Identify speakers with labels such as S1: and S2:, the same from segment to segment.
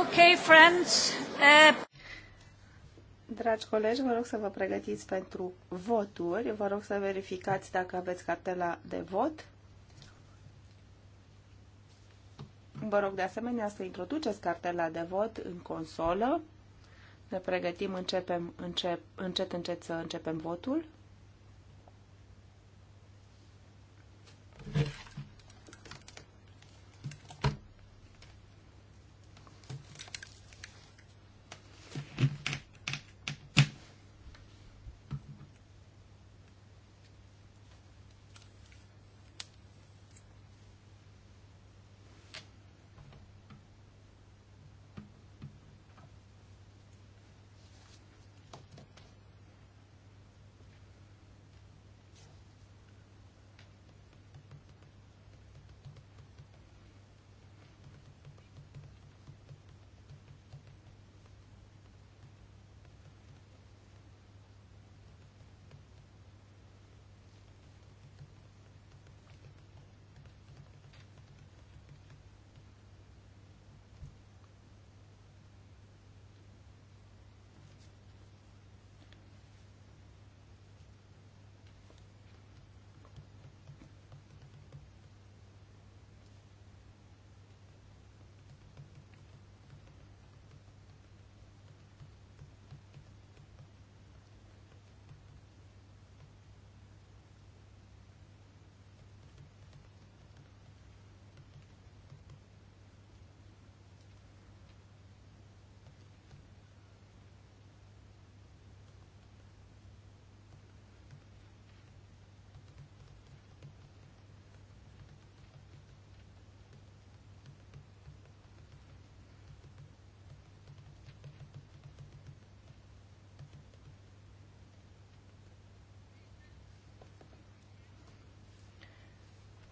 S1: Ok, friends.
S2: Uh... Dragi colegi, vă rog să vă pregătiți pentru voturi. Vă rog să verificați dacă aveți cartela de vot. Vă rog de asemenea să introduceți cartela de vot în consolă. Ne pregătim, începem încep, încet, încet să începem votul.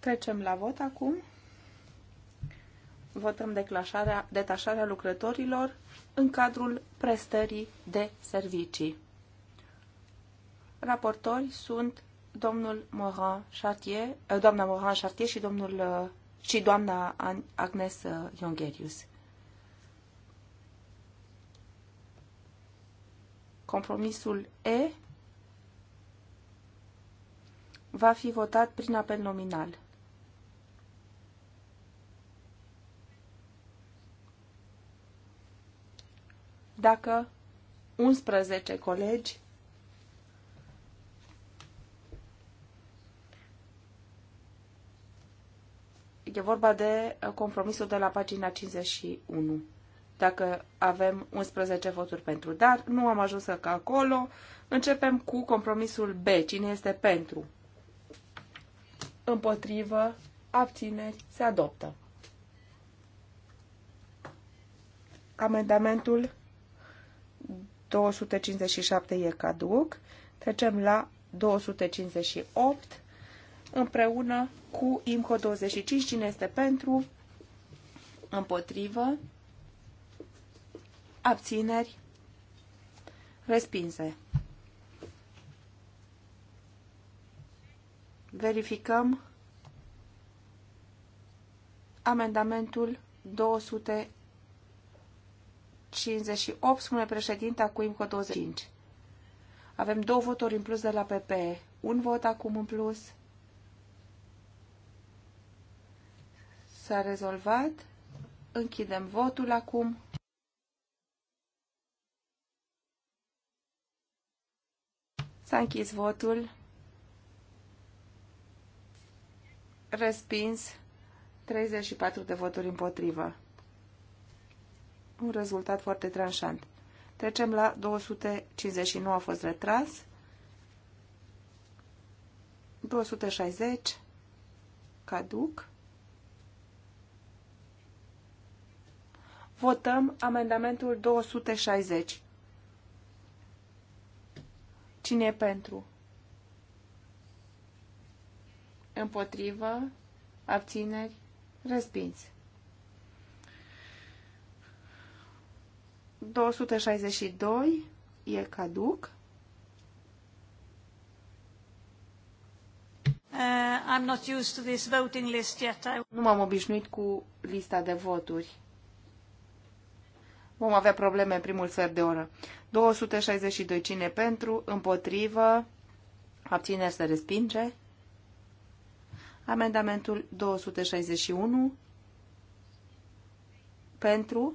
S2: Trecem la vot acum. Votăm declașarea, detașarea lucrătorilor în cadrul prestării de servicii. Raportori sunt domnul Morin Chartier, eh, doamna Morin Chartier și, domnul, eh, și doamna Agnes eh, Iongherius. Compromisul E va fi votat prin apel nominal. dacă 11 colegi E vorba de compromisul de la pagina 51. Dacă avem 11 voturi pentru, dar nu am ajuns ca acolo, începem cu compromisul B. Cine este pentru? Împotrivă, abține, se adoptă. Amendamentul 257 e caduc. Trecem la 258 împreună cu IMCO 25. Cine este pentru? Împotrivă? Abțineri? Respinse. Verificăm amendamentul 200 58, spune președinta cu IMCO 25. Avem două voturi în plus de la PP. Un vot acum în plus. S-a rezolvat. Închidem votul acum. S-a închis votul. Respins 34 de voturi împotrivă un rezultat foarte tranșant. Trecem la 259 a fost retras. 260 caduc. Votăm amendamentul 260. Cine e pentru? Împotrivă? Abțineri? Respins. 262 e caduc.
S1: Uh, I'm not used to this voting list yet. I... Nu m-am
S2: obișnuit cu lista de voturi. Vom avea probleme în primul sfert de oră. 262 cine pentru, împotrivă, abține să respinge. Amendamentul 261 pentru,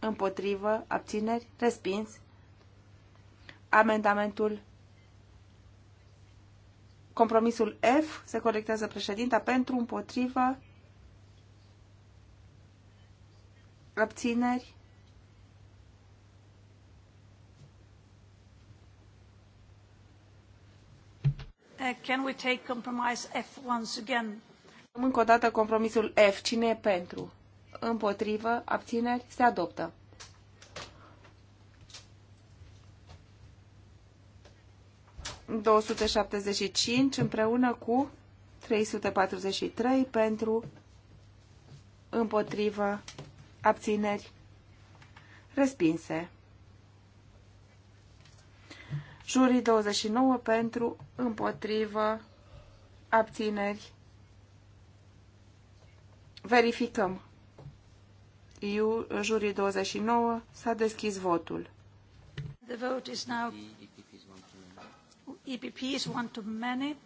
S2: împotrivă, abțineri, respins. Amendamentul Compromisul F se corectează președinta pentru, împotrivă, abțineri.
S1: Uh, can we take compromise F once again? Încă o
S2: dată compromisul F. Cine e pentru? împotrivă, abțineri, se adoptă. ...275 împreună cu 343 pentru împotrivă abțineri respinse. Jurii 29 pentru împotrivă abțineri Verificăm. Iu, jurii 29, s-a deschis votul.
S1: The vote is now... EPP is one too many.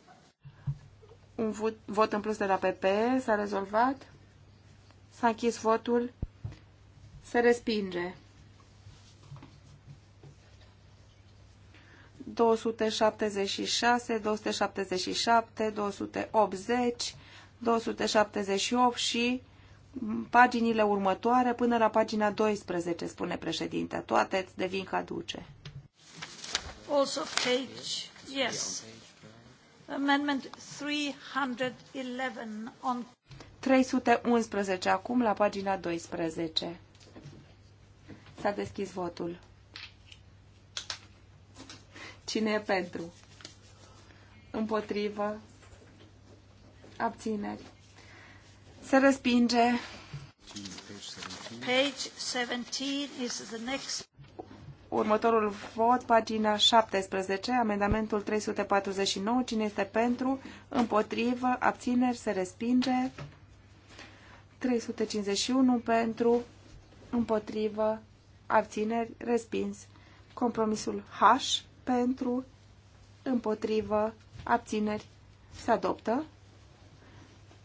S2: Un vot, vot în plus de la PP s-a rezolvat. S-a închis votul. Se respinge. 276, 277, 280, 278 și paginile următoare până la pagina 12, spune președinte. Toate îți devin caduce.
S1: Also page, yes. Amendment 311 on
S2: 311 acum la pagina 12. S-a deschis votul. Cine e pentru? Împotrivă? Abțineri? Se respinge.
S1: Page 17
S2: Următorul vot, pagina 17, amendamentul 349. Cine este pentru? Împotrivă? Abțineri? Se respinge. 351 pentru, împotrivă, abțineri, respins. Compromisul H pentru, împotrivă, abțineri, se adoptă.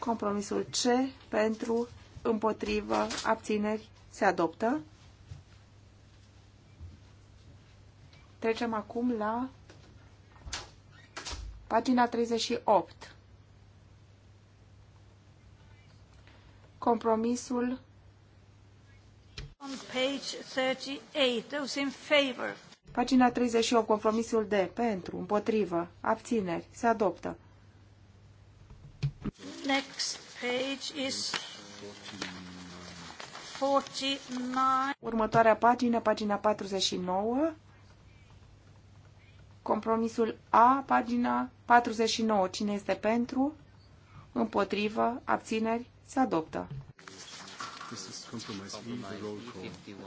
S2: Compromisul C pentru, împotrivă, abțineri se adoptă. Trecem acum la pagina 38. Compromisul
S1: On page 38, those in favor.
S2: Pagina 38, compromisul D, pentru, împotrivă, abțineri, se adoptă.
S1: Next page is 49. Următoarea
S2: pagină, pagina 49. Compromisul A, pagina 49. Cine este pentru? Împotrivă? Abțineri? Se adoptă.
S1: This is compromise. roll call. 51.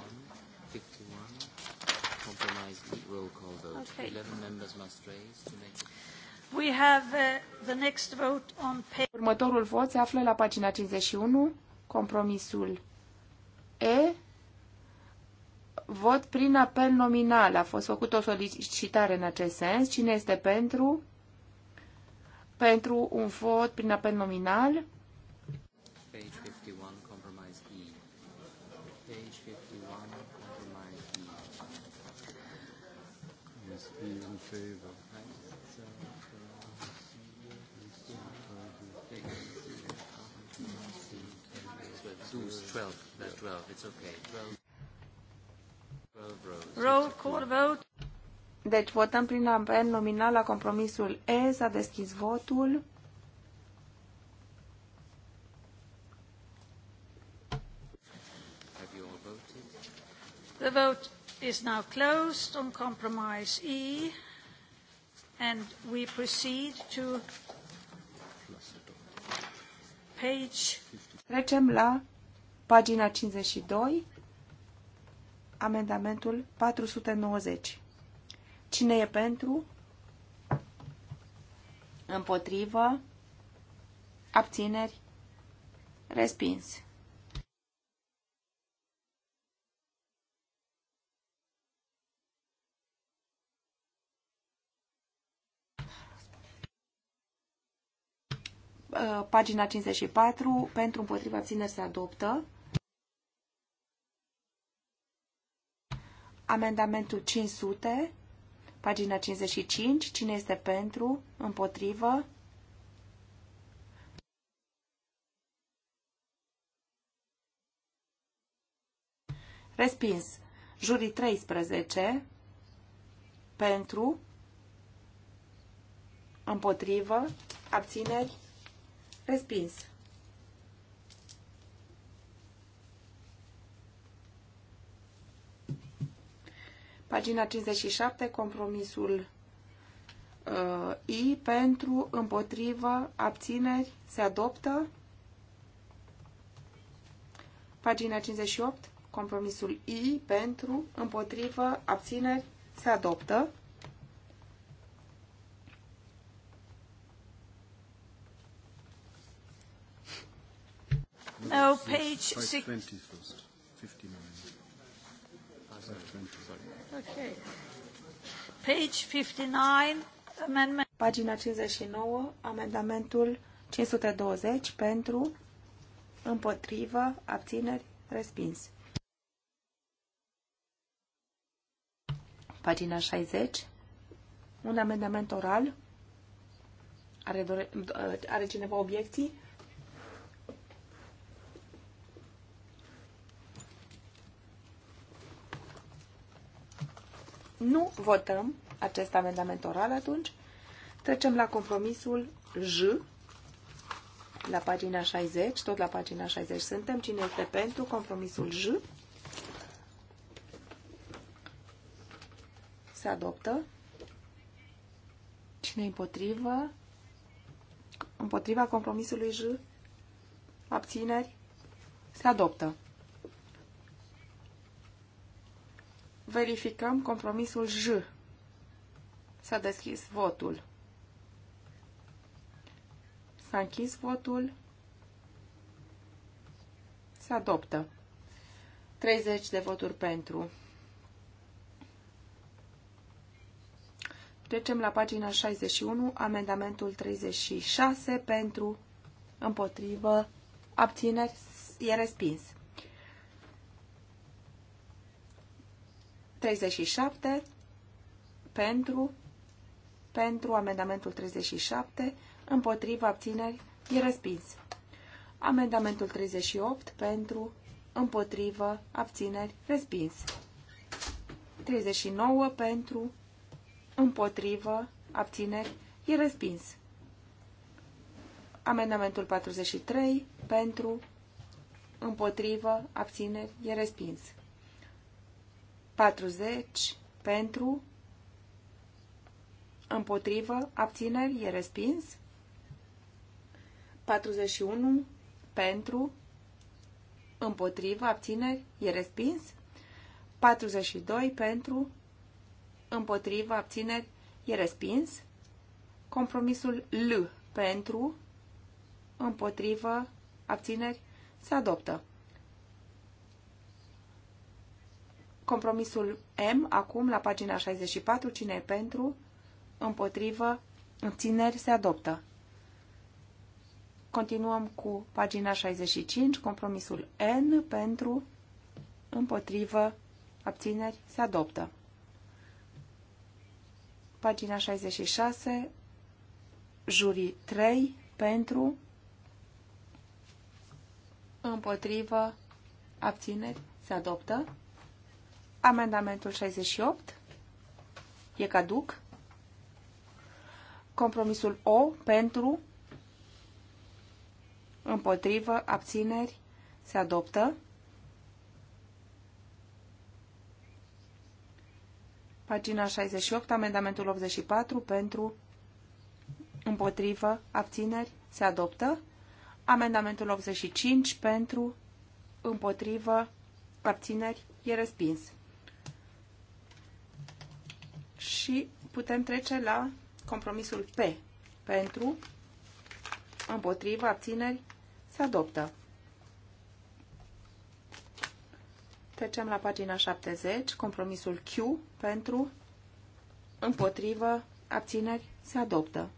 S1: 51. Compromise E, roll call vote. Okay. 11 members must raise to make it We have, uh, the next vote on... Următorul vot se află la pagina
S2: 51, compromisul E. Vot prin apel nominal. A fost făcut o solicitare în acest sens. Cine este pentru? Pentru un vot prin apel nominal.
S1: Page 51, compromise E. Page 51, compromise E. Yes, in favor. 12. That's 12. It's okay. 12. 12 rows. Roll call
S2: vote. Deci votăm prin apel nominal la compromisul E. S-a deschis votul.
S1: The vote is now closed on compromise E, and we proceed to page.
S2: Trecem la Pagina 52, amendamentul 490. Cine e pentru? Împotrivă? Abțineri? Respins. Pagina 54, pentru împotriva abțineri se adoptă. Amendamentul 500, pagina 55. Cine este pentru? Împotrivă? Respins. Jurii 13. Pentru. Împotrivă. Abțineri. Respins. Pagina 57, compromisul uh, I pentru, împotrivă, abțineri, se adoptă. Pagina 58, compromisul I pentru, împotrivă, abțineri, se adoptă.
S1: No, oh, page 6. 59,
S2: Pagina 59, amendamentul 520 pentru, împotrivă, abțineri, respins. Pagina 60, un amendament oral. Are, are cineva obiecții? Nu votăm acest amendament oral atunci. Trecem la compromisul J, la pagina 60, tot la pagina 60 suntem. Cine este pentru compromisul J? Se adoptă. Cine împotrivă? Împotriva compromisului J? Abțineri? Se adoptă. Verificăm compromisul J. S-a deschis votul. S-a închis votul. Se adoptă. 30 de voturi pentru. Trecem la pagina 61, amendamentul 36 pentru, împotrivă, abțineri, e respins. 37 pentru, pentru amendamentul 37, împotriva abțineri, e respins. Amendamentul 38 pentru, împotrivă, abțineri, respins. 39 pentru, împotrivă, abțineri, e respins. Amendamentul 43 pentru, împotrivă, abțineri, e respins. 40 pentru, împotrivă, abțineri, e respins. 41 pentru, împotrivă, abțineri, e respins. 42 pentru, împotrivă, abțineri, e respins. Compromisul L pentru, împotrivă, abțineri, se adoptă. Compromisul M, acum, la pagina 64, cine e pentru, împotrivă, Abțineri se adoptă. Continuăm cu pagina 65, compromisul N pentru, împotrivă, abțineri se adoptă. Pagina 66, jurii 3 pentru, împotrivă, abțineri se adoptă. Amendamentul 68 e caduc. Compromisul O pentru, împotrivă, abțineri, se adoptă. Pagina 68, amendamentul 84 pentru, împotrivă, abțineri, se adoptă. Amendamentul 85 pentru, împotrivă, abțineri, e respins și putem trece la compromisul P. Pentru, împotriva, abțineri, se adoptă. Trecem la pagina 70, compromisul Q pentru, împotrivă, abțineri, se adoptă.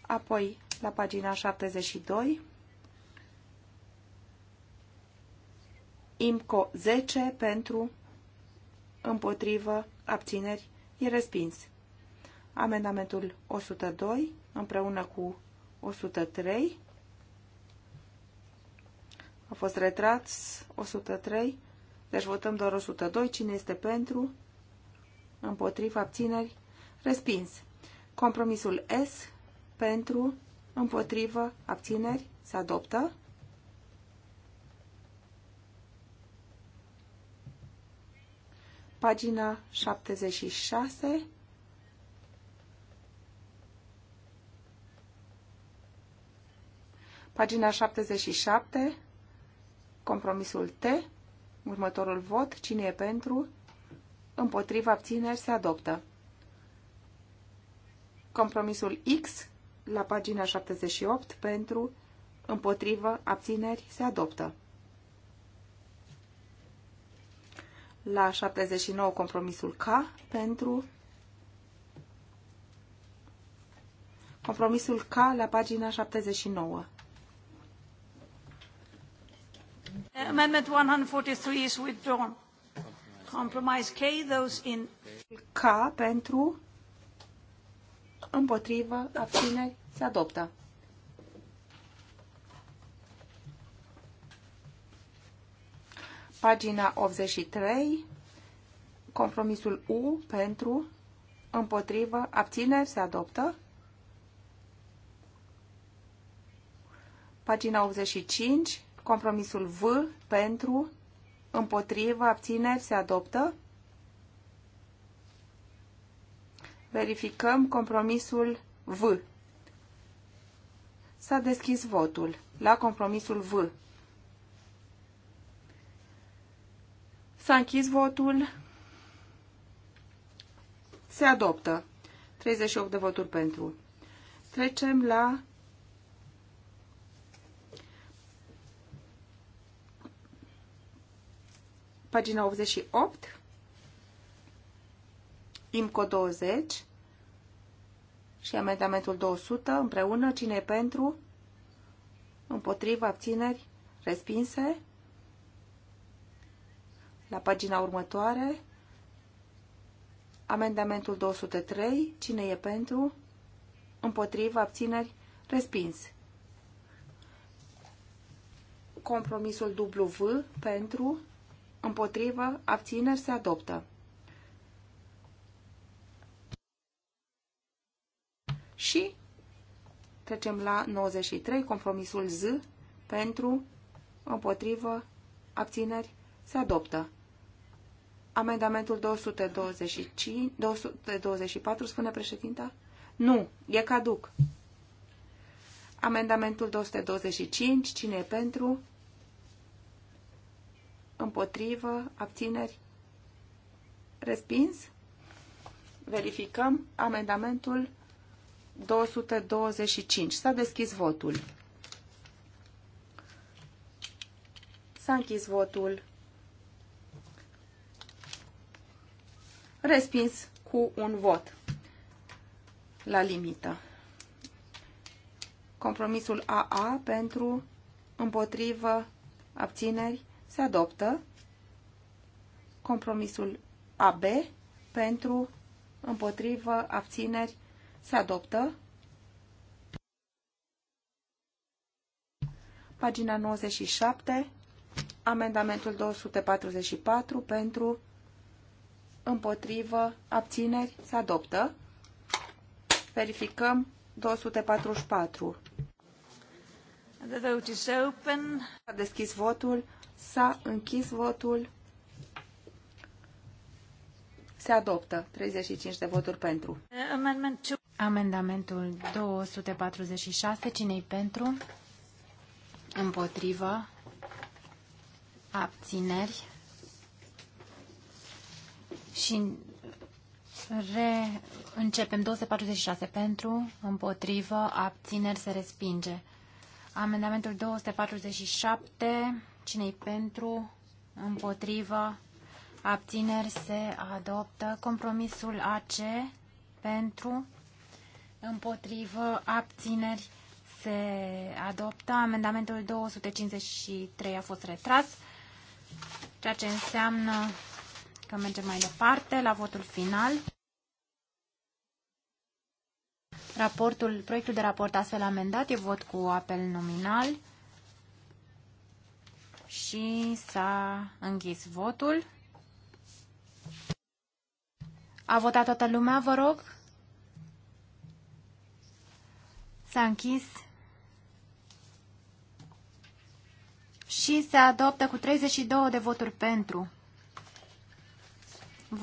S2: Apoi, la pagina 72, IMCO 10 pentru, împotrivă, abțineri, e respins. Amendamentul 102 împreună cu 103 a fost retras 103, deci votăm doar 102. Cine este pentru? Împotriva abțineri? Respins. Compromisul S pentru, împotrivă, abțineri, se adoptă. pagina 76. Pagina 77, compromisul T, următorul vot, cine e pentru, împotriva abțineri se adoptă. Compromisul X, la pagina 78, pentru, împotrivă, abțineri se adoptă. la 79 compromisul K pentru compromisul K la pagina 79.
S1: Amendment 143 is withdrawn. Compromise K, those in...
S2: K pentru, împotrivă, abține, se adoptă. Pagina 83, compromisul U pentru, împotrivă, abțineri, se adoptă. Pagina 85, compromisul V pentru, împotrivă, abțineri, se adoptă. Verificăm compromisul V. S-a deschis votul la compromisul V. S-a închis votul. Se adoptă. 38 de voturi pentru. Trecem la pagina 88, IMCO 20 și amendamentul 200 împreună. Cine e pentru? Împotriva abțineri? Respinse? La pagina următoare, amendamentul 203, cine e pentru, Împotrivă, abțineri, respins. Compromisul W, pentru, împotrivă, abțineri, se adoptă. Și trecem la 93, compromisul Z, pentru, împotrivă, abțineri, se adoptă. Amendamentul 225, 224, spune președinta? Nu, e caduc. Amendamentul 225, cine e pentru? Împotrivă, abțineri? Respins? Verificăm amendamentul 225. S-a deschis votul. S-a închis votul. respins cu un vot la limită. Compromisul AA pentru împotrivă abțineri se adoptă. Compromisul AB pentru împotrivă abțineri se adoptă. Pagina 97, amendamentul 244 pentru împotrivă, abțineri, se adoptă. Verificăm 244. The vote is open. S-a deschis votul, s-a închis votul. Se adoptă 35 de voturi pentru.
S3: Amendamentul 246, cine pentru? Împotrivă? Abțineri? Și reîncepem 246 pentru, împotrivă, abțineri se respinge. Amendamentul 247, cine pentru, împotrivă, abțineri se adoptă. Compromisul AC pentru, împotrivă, abțineri se adoptă. Amendamentul 253 a fost retras, ceea ce înseamnă că mergem mai departe la votul final. Raportul, proiectul de raport astfel amendat e vot cu apel nominal și s-a închis votul. A votat toată lumea, vă rog? S-a închis și se adoptă cu 32 de voturi pentru.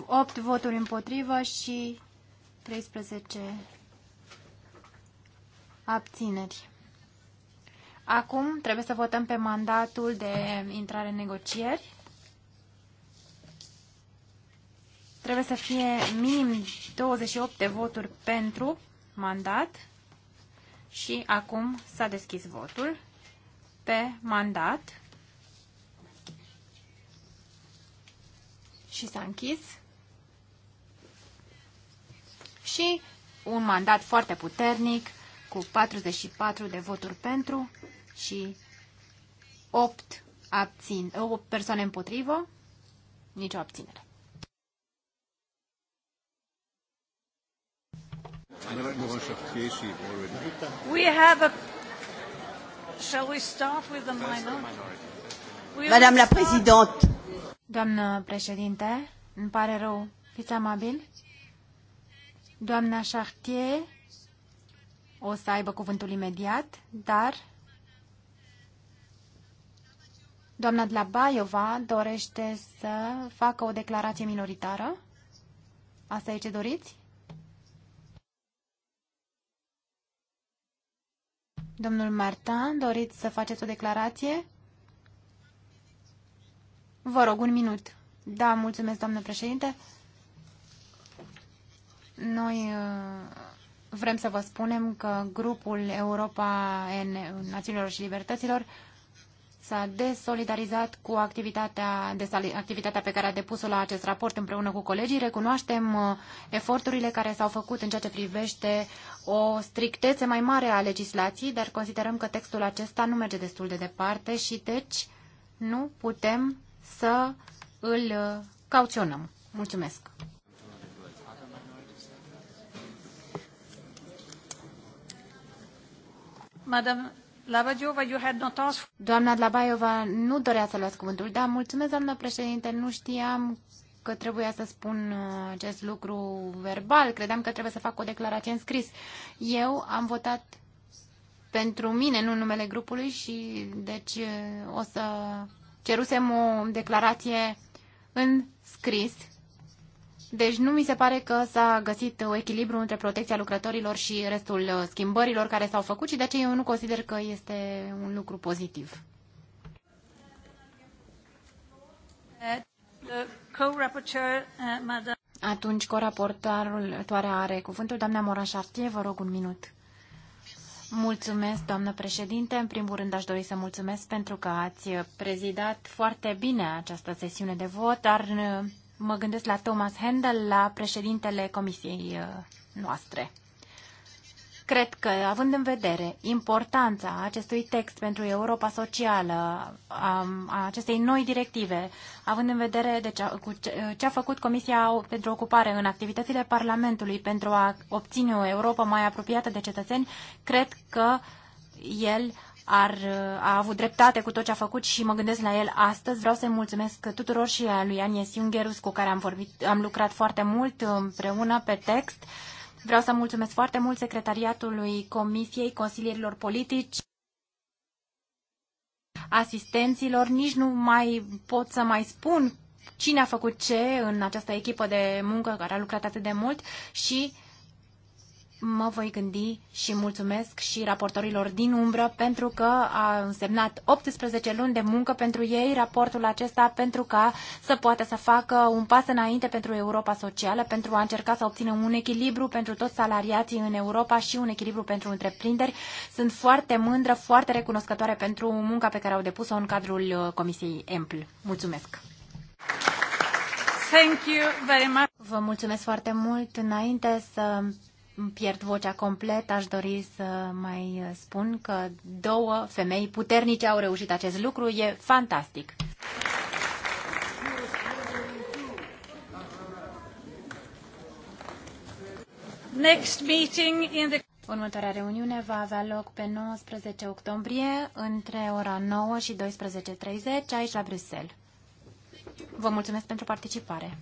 S3: 8 voturi împotrivă și 13 abțineri. Acum trebuie să votăm pe mandatul de intrare în negocieri. Trebuie să fie minim 28 de voturi pentru mandat și acum s-a deschis votul pe mandat. și s-a închis. Și un mandat foarte puternic cu 44 de voturi pentru și 8, abțin, 8 persoane împotrivă, nicio abținere.
S1: We have a... Shall we start with the minority? Madame la Présidente,
S3: Doamnă președinte, îmi pare rău, fiți amabil. Doamna Chartier o să aibă cuvântul imediat, dar doamna de la Baiova dorește să facă o declarație minoritară. Asta e ce doriți? Domnul Martin, doriți să faceți o declarație? Vă rog, un minut. Da, mulțumesc, doamnă președinte. Noi uh, vrem să vă spunem că grupul Europa în Națiunilor și Libertăților s-a desolidarizat cu activitatea, activitatea pe care a depus-o la acest raport împreună cu colegii. Recunoaștem uh, eforturile care s-au făcut în ceea ce privește o strictețe mai mare a legislației, dar considerăm că textul acesta nu merge destul de departe și deci nu putem să îl uh, cauționăm. Mulțumesc! Labajova, Doamna Dlabaiova nu dorea să luați cuvântul. Da, mulțumesc, doamnă președinte, nu știam că trebuia să spun uh, acest lucru verbal, credeam că trebuie să fac o declarație în scris. Eu am votat pentru mine, nu în numele grupului și deci uh, o să cerusem o declarație în scris. Deci nu mi se pare că s-a găsit o echilibru între protecția lucrătorilor și restul uh, schimbărilor care s-au făcut și de aceea eu nu consider că este un lucru pozitiv. Uh, Atunci, coraportarul toare are cuvântul. Doamna Morașartie, vă rog un minut. Mulțumesc, doamnă președinte. În primul rând aș dori să mulțumesc pentru că ați prezidat foarte bine această sesiune de vot, dar uh, mă gândesc la Thomas Handel, la președintele comisiei uh, noastre. Cred că, având în vedere importanța acestui text pentru Europa socială, a, a acestei noi directive, având în vedere de deci, ce, cu ce, ce a făcut Comisia pentru Ocupare în activitățile Parlamentului pentru a obține o Europa mai apropiată de cetățeni, cred că el ar, a avut dreptate cu tot ce a făcut și mă gândesc la el astăzi. Vreau să-i mulțumesc tuturor și a lui Anies Iungherus cu care am, vorbit, am lucrat foarte mult împreună pe text Vreau să mulțumesc foarte mult secretariatului Comisiei, consilierilor politici, asistenților. Nici nu mai pot să mai spun cine a făcut ce în această echipă de muncă care a lucrat atât de mult și mă voi gândi și mulțumesc și raportorilor din umbră pentru că a însemnat 18 luni de muncă pentru ei raportul acesta pentru ca să poată să facă un pas înainte pentru Europa Socială, pentru a încerca să obțină un echilibru pentru toți salariații în Europa și un echilibru pentru întreprinderi. Sunt foarte mândră, foarte recunoscătoare pentru munca pe care au depus-o în cadrul uh, Comisiei EMPL. Mulțumesc! Thank you very much. Vă mulțumesc foarte mult. Înainte să pierd vocea complet, aș dori să mai spun că două femei puternice au reușit acest lucru. E fantastic! Next meeting in the... Următoarea reuniune va avea loc pe 19 octombrie între ora 9 și 12.30 aici la Bruxelles. Vă mulțumesc pentru participare!